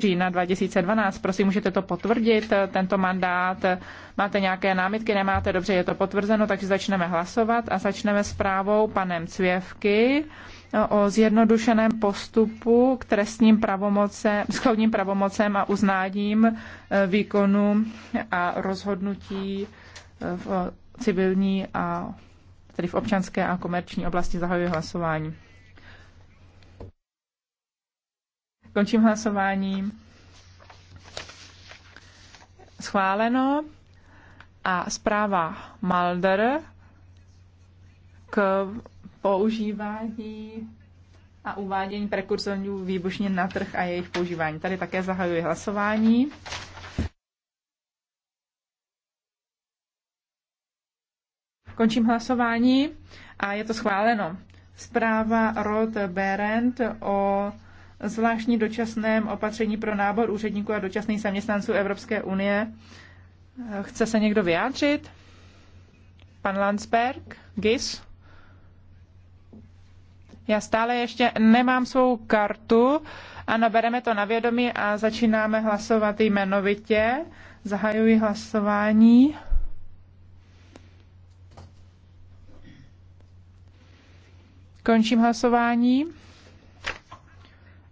října 2012. Prosím, můžete to potvrdit, eh, tento mandát. Máte nějaké námitky, nemáte, dobře, je to potvrzeno, takže začneme hlasovat a začneme s právou panem Cvěvky eh, o zjednodušeném postupu k trestním pravomocem, schodním pravomocem a uznáním eh, výkonu a rozhodnutí v civilní a tedy v občanské a komerční oblasti zahajuje hlasování. Končím hlasování. Schváleno. A zpráva Malder k používání a uvádění prekurzorů výbušně na trh a jejich používání. Tady také zahajuji hlasování. Končím hlasování a je to schváleno. Zpráva Rod Berend o zvláštní dočasném opatření pro nábor úředníků a dočasných zaměstnanců Evropské unie. Chce se někdo vyjádřit? Pan Landsberg? GIS? Já stále ještě nemám svou kartu. Ano, bereme to na vědomí a začínáme hlasovat jmenovitě. Zahajuji hlasování. Končím hlasování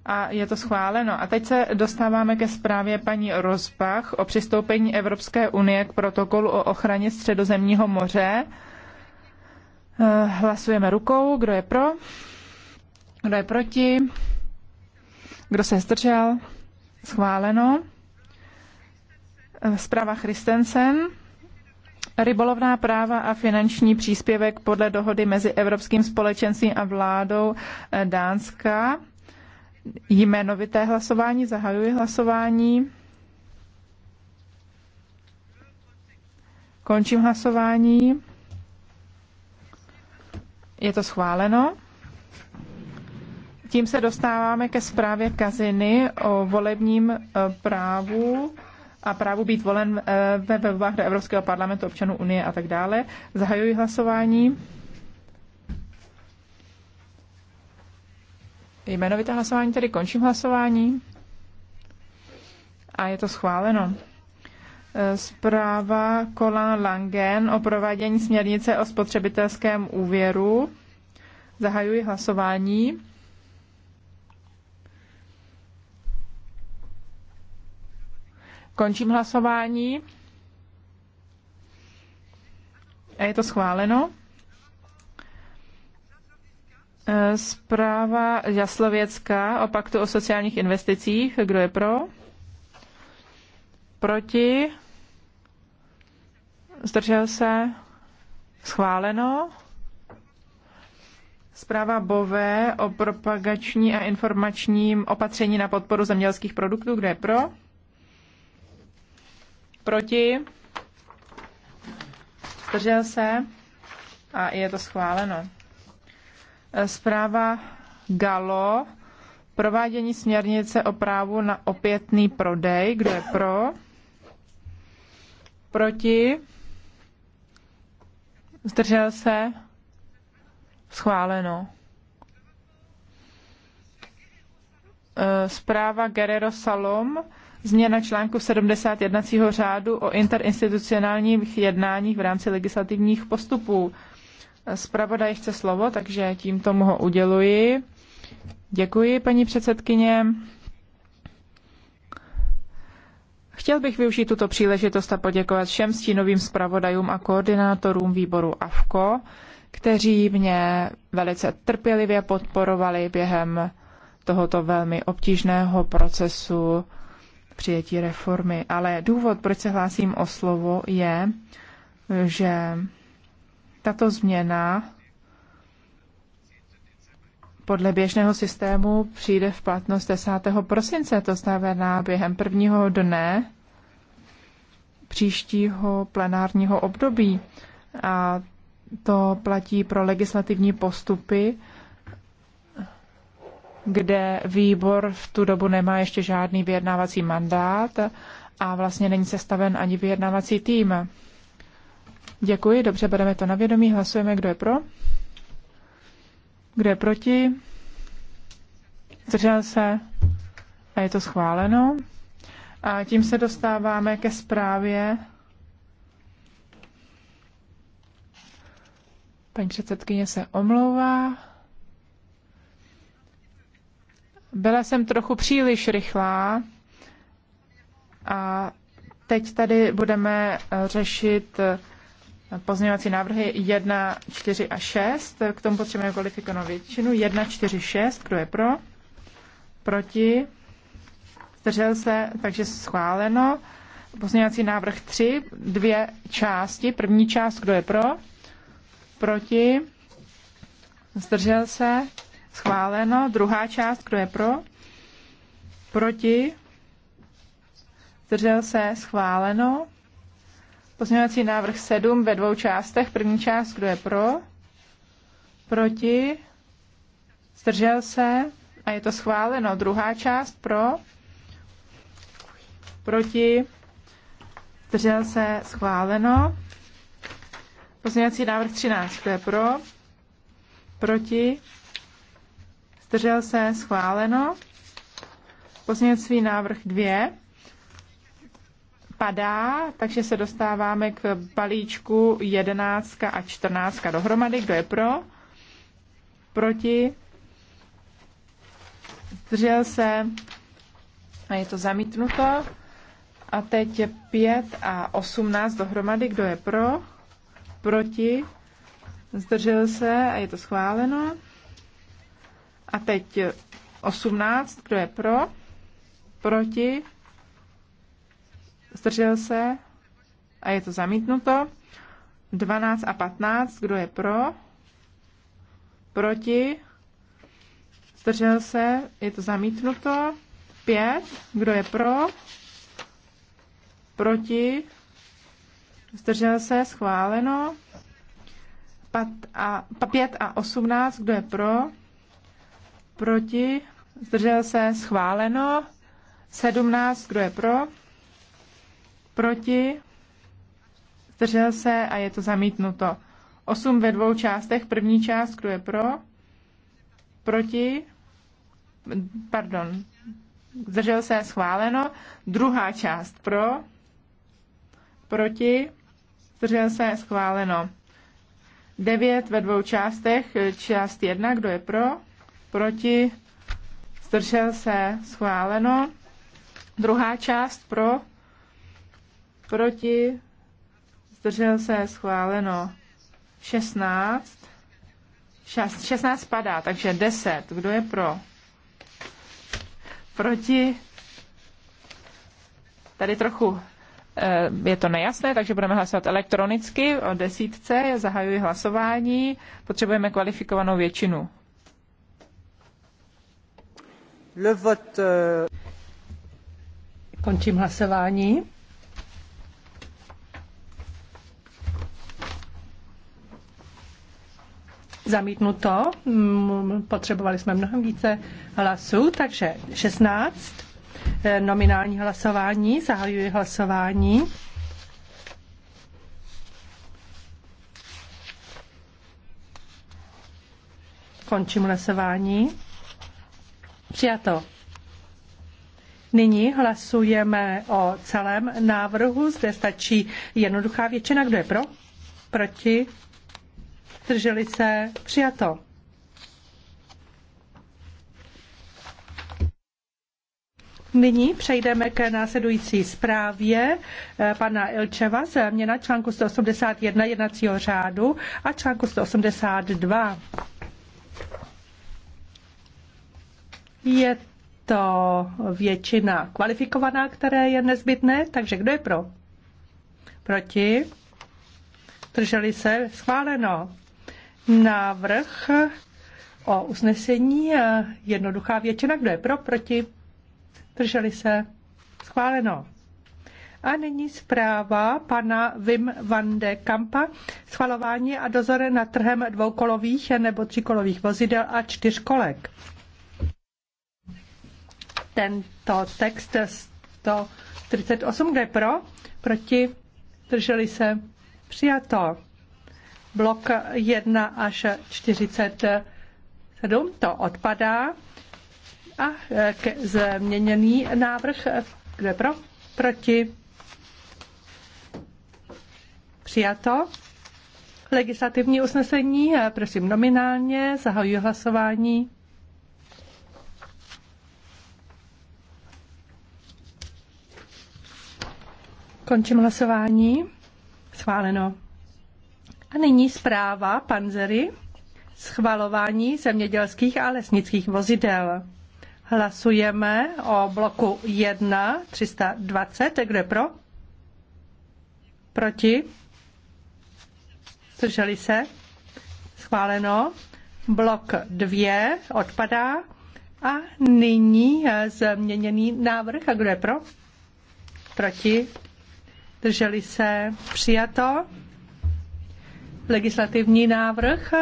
a je to schváleno. A teď se dostáváme ke zprávě paní Rozbach o přistoupení Evropské unie k protokolu o ochraně středozemního moře. Eh, hlasujeme rukou, kdo je pro, kdo je proti, kdo se zdržel. Schváleno. Eh, zpráva Christensen. Rybolovná práva a finanční příspěvek podle dohody mezi Evropským společenstvím a vládou eh, Dánska jmenovité hlasování, zahajuji hlasování. Končím hlasování. Je to schváleno. Tím se dostáváme ke zprávě Kaziny o volebním eh, právu a právu být volen eh, ve volbách do Evropského parlamentu občanů Unie a tak dále. Zahajuji hlasování. jmenovité hlasování, tedy končím hlasování. A je to schváleno. E, zpráva Colin Langen o provádění směrnice o spotřebitelském úvěru. Zahajuji hlasování. Končím hlasování. A je to schváleno. Eh, zpráva Jaslověcka o paktu o sociálních investicích. Kdo je pro? Proti? Zdržel se? Schváleno? Zpráva Bové o propagační a informačním opatření na podporu zemědělských produktů. Kdo je pro? Proti? Zdržel se? A je to schváleno. Zpráva Galo, provádění směrnice o právu na opětný prodej. Kdo je pro? Proti? Zdržel se? Schváleno. Eh, zpráva Guerrero Salom, změna článku 70 jednacího řádu o interinstitucionálních jednáních v rámci legislativních postupů. Zpravodaj chce slovo, takže tímto mu ho uděluji. Děkuji, paní předsedkyně. Chtěl bych využít tuto příležitost a poděkovat všem stínovým zpravodajům a koordinátorům výboru AFKO, kteří mě velice trpělivě podporovali během tohoto velmi obtížného procesu přijetí reformy. Ale důvod, proč se hlásím o slovo, je, že tato změna podle běžného systému přijde v platnost 10. prosince, to znamená během prvního dne příštího plenárního období. A to platí pro legislativní postupy, kde výbor v tu dobu nemá ještě žádný vyjednávací mandát a vlastně není sestaven ani vyjednávací tým. Děkuji, dobře, bereme to na vědomí. Hlasujeme, kdo je pro. Kdo je proti? Zdržel se? A je to schváleno. A tím se dostáváme ke zprávě Paní předsedkyně se omlouvá. Byla jsem trochu příliš rychlá a teď tady budeme řešit pozměňovací návrhy 1, 4 a 6. K tomu potřebujeme kvalifikovanou většinu. 1, 4, 6. Kdo je pro? Proti? Zdržel se, takže schváleno. Pozměňovací návrh 3, dvě části. První část, kdo je pro? Proti? Zdržel se? Schváleno. Druhá část, kdo je pro? Proti? Zdržel se? Schváleno. Pozměňovací návrh 7 ve dvou částech. První část, kdo je pro, proti, zdržel se a je to schváleno. Druhá část pro, proti, zdržel se, schváleno. Pozměňovací návrh 13, kdo je pro, proti, zdržel se, schváleno. Pozměňovací návrh 2, padá, takže se dostáváme k balíčku 11 a 14 dohromady. Kdo je pro? Proti? Zdržel se? A je to zamítnuto. A teď je 5 a 18 dohromady. Kdo je pro? Proti? Zdržel se a je to schváleno. A teď 18. Kdo je pro? Proti? zdržel se a je to zamítnuto. 12 a 15, kdo je pro, proti, zdržel se, je to zamítnuto. 5, kdo je pro, proti, zdržel se, schváleno. 5 a, 5 a 18, kdo je pro, proti, zdržel se, schváleno. 17, kdo je pro, proti, zdržel se a je to zamítnuto. 8 ve dvou částech, první část, kdo je pro, proti, pardon, zdržel se schváleno, druhá část pro, proti, zdržel se schváleno. 9 ve dvou částech, část 1, kdo je pro, proti, zdržel se schváleno, druhá část pro, proti, zdržel se, schváleno 16, 16 padá, takže 10, kdo je pro, proti, tady trochu eh, je to nejasné, takže budeme hlasovat elektronicky o desítce, zahajuji hlasování, potřebujeme kvalifikovanou většinu. Le vote... Eh, Končím hlasování. zamítnuto. Potřebovali jsme mnohem více hlasů, takže 16. E, nominální hlasování. Zahajuji hlasování. Končím hlasování. Přijato. Nyní hlasujeme o celém návrhu. Zde stačí jednoduchá většina. Kdo je pro? Proti? zdrželi se, přijato. Nyní přejdeme k následující zprávě eh, pana Ilčeva, změna článku 181 jednacího řádu a článku 182. Je to většina kvalifikovaná, které je nezbytné, takže kdo je pro? Proti? Drželi se? Schváleno návrh o usnesení. Jednoduchá většina, kdo je pro, proti, drželi se, schváleno. A nyní zpráva pana Wim van de Kampa. Schvalování a dozor nad trhem dvoukolových nebo tříkolových vozidel a čtyřkolek. Tento text 138, kde pro, proti, drželi se, přijato blok 1 až 47, to odpadá. A e, ke změněný návrh, kde pro? Proti. Přijato. Legislativní usnesení, e, prosím nominálně, zahajuji hlasování. Končím hlasování. Schváleno. A nyní zpráva Panzery, schvalování zemědělských a lesnických vozidel. Hlasujeme o bloku 1, 320. Kdo je pro? Proti? Zdrželi se? Schváleno. Blok 2 odpadá. A nyní změněný návrh. A kdo je pro? Proti? Drželi se? Přijato. Legislativní návrh,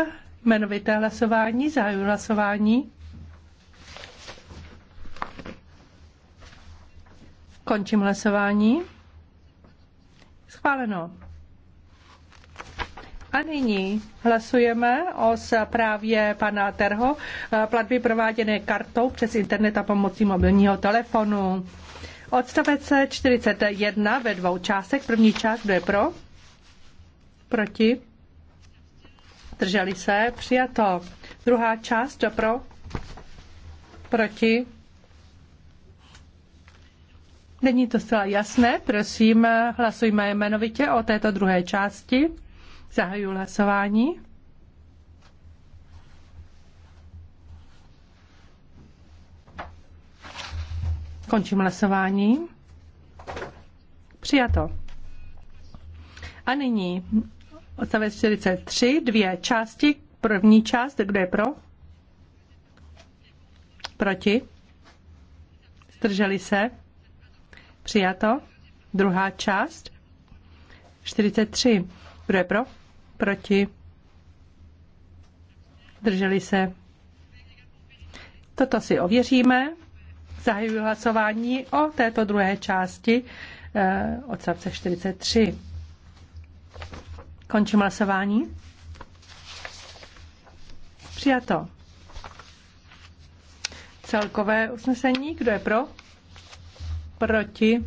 jmenovité hlasování, zahajuji hlasování. Končím hlasování. Schváleno. A nyní hlasujeme o zprávě pana Terho platby prováděné kartou přes internet a pomocí mobilního telefonu. Odstavec 41 ve dvou částech. První část, kdo je pro? Proti? Zdrželi se? Přijato. Druhá část. Kdo pro? Proti? Není to zcela jasné, prosím, hlasujme jmenovitě o této druhé části. Zahajuji hlasování. Končím hlasování. Přijato. A nyní Odstavec 43, dvě části. První část, kdo je pro? Proti? Zdrželi se? Přijato. Druhá část. 43. Kdo je pro? Proti? Drželi se? Toto si ověříme. Zahajuji hlasování o této druhé části eh, odstavce 43. Končím hlasování. Přijato. Celkové usnesení. Kdo je pro? Proti?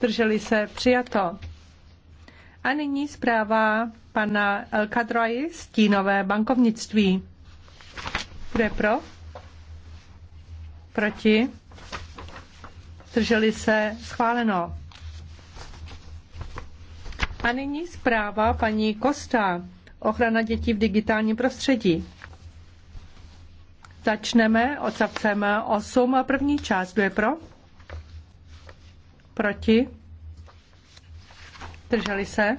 Drželi se? Přijato. A nyní zpráva pana El Kadroji, stínové bankovnictví. Kdo je pro? Proti? Drželi se? Schváleno. A nyní zpráva paní Kosta. Ochrana dětí v digitálním prostředí. Začneme odstavcem 8. První část. Kdo je pro? Proti? Drželi se?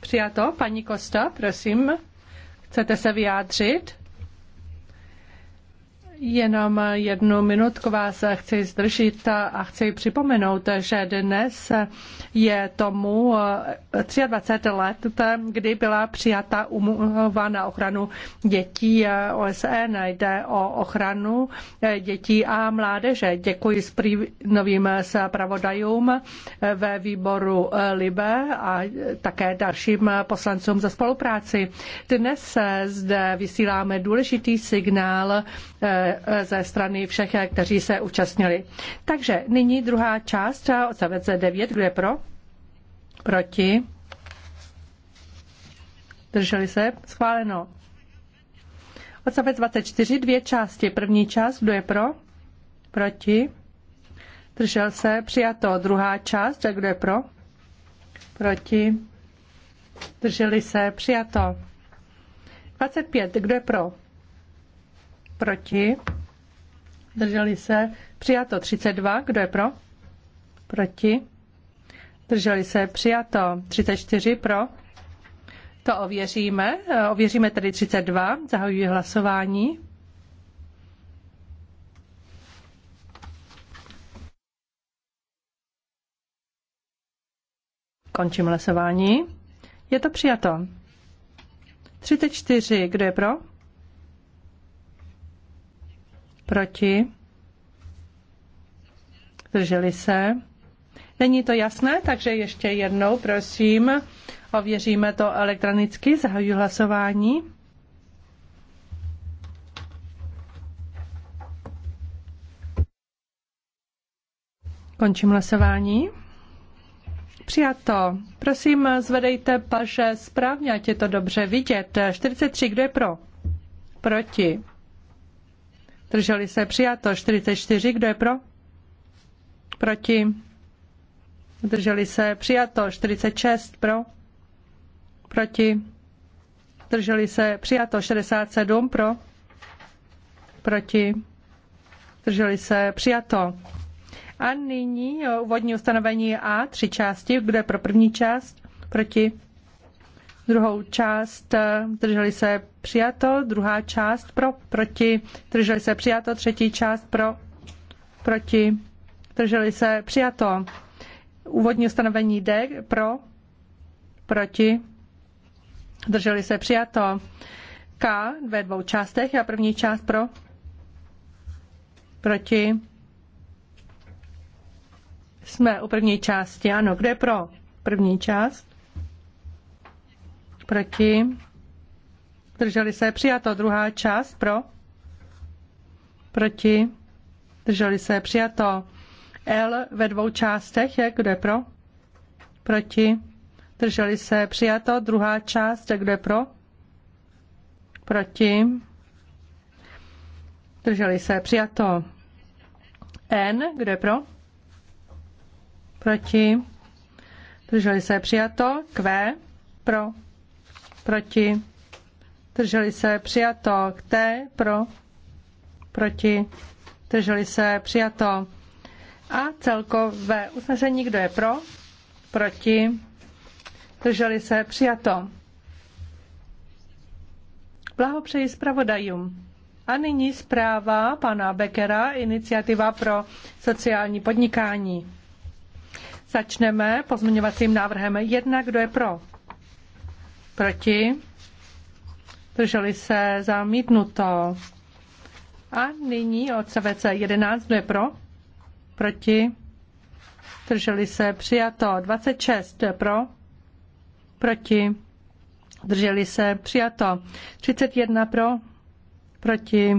Přijato. Paní Kosta, prosím. Chcete se vyjádřit? Jenom jednu minutku vás chci zdržit a chci připomenout, že dnes je tomu 23 eh, let, kdy byla přijata umluva na ochranu dětí eh, OSN. Jde o ochranu eh, dětí a mládeže. Děkuji novým zpravodajům ve výboru LIBE a také dalším poslancům za spolupráci. Dnes zde vysíláme důležitý signál ze strany všech, kteří se účastnili. Takže nyní druhá část, odstavec 9, kdo je pro? Proti? Drželi se? Schváleno. Odstavec 24, dvě části. První část, kdo je pro? Proti? Držel se? Přijato. Druhá část, kdo je pro? Proti? Drželi se? Přijato. 25, kdo je pro? Proti? Drželi se? Přijato 32. Kdo je pro? Proti? Drželi se? Přijato 34. Pro? To ověříme. Ověříme tedy 32. Zahajuji hlasování. Končím hlasování. Je to přijato. 34. Kdo je pro? Proti? Zdrželi se? Není to jasné, takže ještě jednou, prosím, ověříme to elektronicky, zahajuji hlasování. Končím hlasování. Přijato. Prosím, zvedejte paže správně, ať je to dobře vidět. 43, kdo je pro? Proti. Drželi se přijato 44. Kdo je pro? Proti? Drželi se přijato 46. Pro? Proti? Drželi se přijato 67. Pro? Proti? Drželi se přijato. A nyní úvodní ustanovení A, tři části. Kdo je pro první část? Proti? Druhou část drželi se přijato, druhá část pro, proti, drželi se přijato, třetí část pro, proti, drželi se přijato. Úvodní ustanovení D pro, proti, drželi se přijato. K ve dvou částech a první část pro, proti. Jsme u první části, ano, kde pro první část? Proti Zdrželi se přijato. Druhá část pro? Proti? Zdrželi se přijato. L ve dvou částech. Je, kdo je pro? Proti? Zdrželi se přijato. Druhá část. Je, kdo je pro? Proti? Zdrželi se přijato. N. Kdo je pro? Proti? Drželi se přijato. Q. Pro? Proti? zdrželi se přijato. K pro, proti, zdrželi se přijato. A celkové usnesení, kdo je pro, proti, zdrželi se přijato. Blahopřeji zpravodajům. A nyní zpráva pana Beckera, iniciativa pro sociální podnikání. Začneme pozměňovacím návrhem 1. Kdo je pro? Proti? zdrželi se zamítnuto. A nyní CVC 11, kdo je pro? Proti? Zdrželi se přijato. 26, kdo je pro? Proti? Zdrželi se přijato. 31 pro? Proti?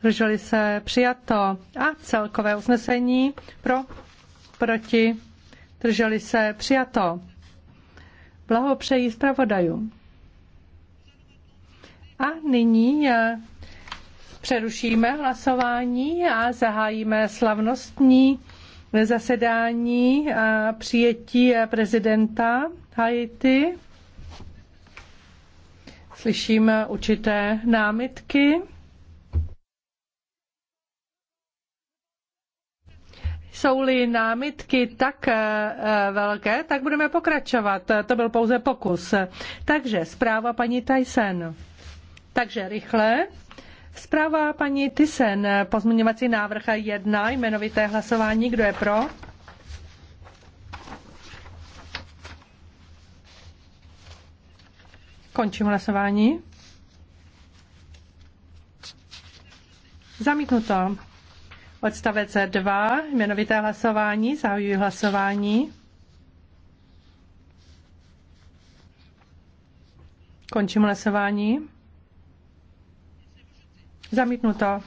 Zdrželi se přijato. A celkové usnesení pro? Proti? Drželi se přijato. Blahopřeji zpravodajům. A nyní eh, přerušíme hlasování a zahájíme slavnostní zasedání a eh, přijetí eh, prezidenta Haiti. Slyším určité námitky. Jsou-li námitky tak velké, tak budeme pokračovat. To byl pouze pokus. Takže zpráva paní Tyson. Takže rychle. Zpráva paní Tysen, pozměňovací návrh 1, jmenovité hlasování, kdo je pro? Končím hlasování. Zamítnuto. Odstavec 2, jmenovité hlasování, zahajuji hlasování. Končím hlasování. Zamítnuto.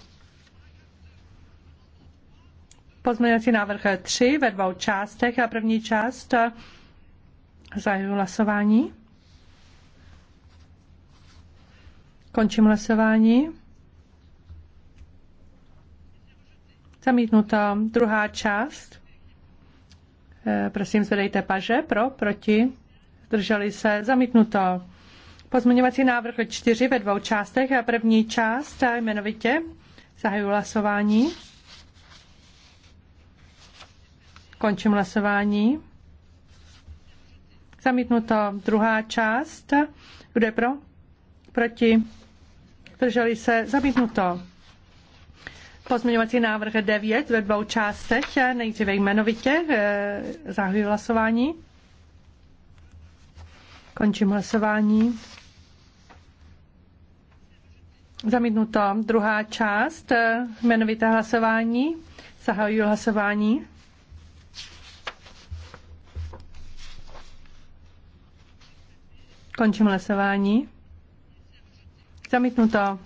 Pozměňovací návrh 3 ve dvou částech a první část eh, zahajuji hlasování. Končím hlasování. Zamítnuto. Druhá část. Eh, prosím, zvedejte paže. Pro, proti. Zdrželi se. Zamítnuto. Pozměňovací návrh 4 ve dvou částech. A první část a jmenovitě zahajuji hlasování. Končím hlasování. Zamítnuto druhá část. Kdo je pro? Proti? Drželi se? Zamítnuto. Pozměňovací návrh 9 ve dvou částech, nejdříve jmenovitě, eh, zahajuji hlasování. Končím hlasování. Zamítnuto. Druhá část, eh, jmenovité hlasování. Zahajuji hlasování. Končím hlasování. Zamítnuto.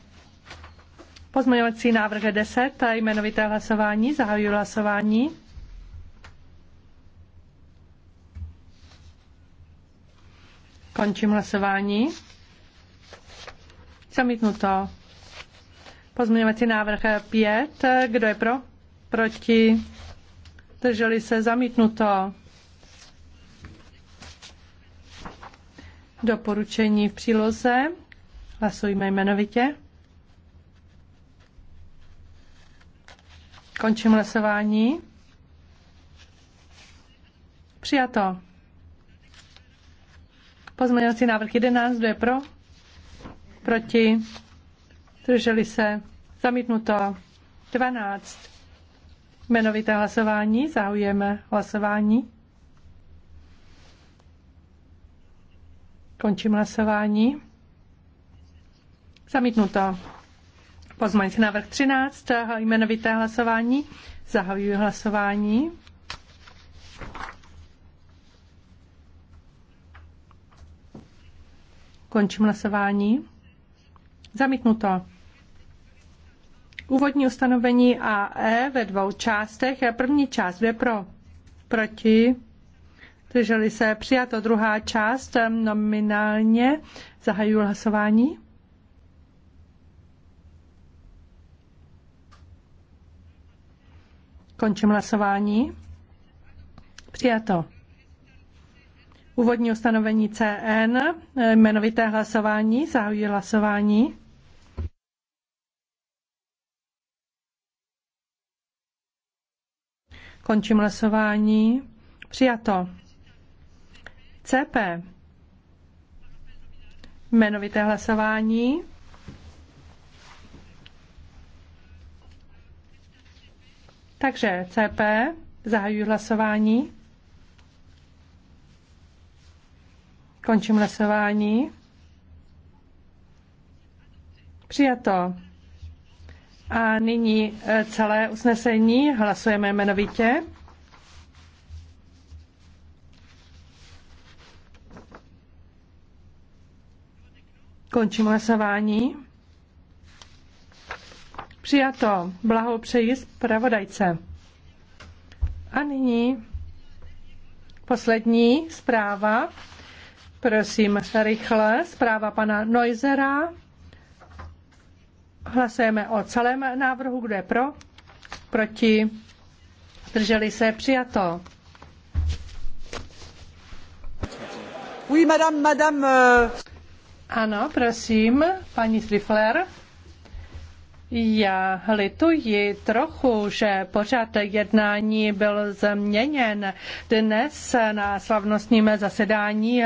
Pozměňovací návrh 10 a jmenovité hlasování. Zahajuji hlasování. Končím hlasování. Zamítnuto. Pozměňovací návrh 5. Kdo je pro? Proti? Drželi se zamítnuto. Doporučení v příloze. Hlasujme jmenovitě. Končím hlasování. Přijato. Pozměňovací návrh 11. Kdo je pro? Proti? zdrželi se, zamítnuto 12. Jmenovité hlasování, zahujeme hlasování. Končím hlasování. Zamítnuto. Pozmaňte návrh 13, jmenovité hlasování. Zahajuji hlasování. Končím hlasování. Zamítnuto. Úvodní ustanovení E ve dvou částech. První část je pro, proti, drželi se přijato. Druhá část nominálně zahajuji hlasování. Končím hlasování. Přijato. Úvodní ustanovení CN, jmenovité hlasování, zahajuji hlasování. Končím hlasování. Přijato. CP. Jmenovité hlasování. Takže CP, zahajuji hlasování. Končím hlasování. Přijato. A nyní e, celé usnesení hlasujeme jmenovitě. Končím hlasování. Přijato. Blahopřeji zpravodajce. A nyní poslední zpráva. Prosím, rychle. Zpráva pana Neusera. Hlasujeme o celém návrhu, kdo je pro, proti, drželi se, přijato. Oui, madame, madame. Euh. Ano, prosím, paní Strifler. Já lituji trochu, že pořad jednání byl změněn. Dnes na slavnostním zasedání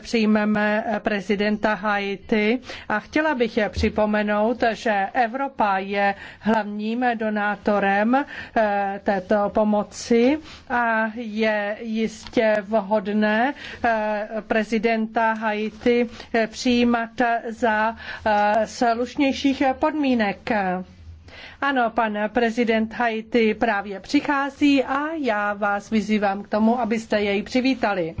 přijmeme prezidenta Haiti a chtěla bych je připomenout, že Evropa je hlavním donátorem eh, této pomoci a je jistě vhodné eh, prezidenta Haiti přijímat za eh, slušnějších podmínek ano, pan prezident Haiti právě přichází a já vás vyzývám k tomu, abyste jej přivítali.